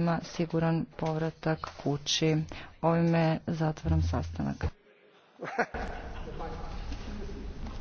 ima siguran povratak kući. Ovime zatvaram sastanak.